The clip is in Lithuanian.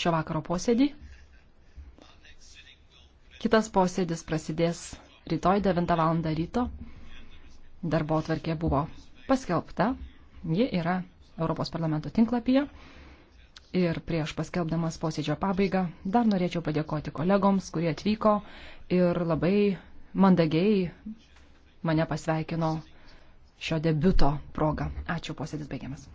šio vakaro posėdį. Kitas posėdis prasidės rytoj 9 val. ryto. Darbo atvarkė buvo paskelbta. Ji yra Europos parlamento tinklapyje. Ir prieš paskelbdamas posėdžio pabaigą dar norėčiau padėkoti kolegoms, kurie atvyko ir labai mandagiai mane pasveikino šio debiuto proga. Ačiū, posėdis baigiamas.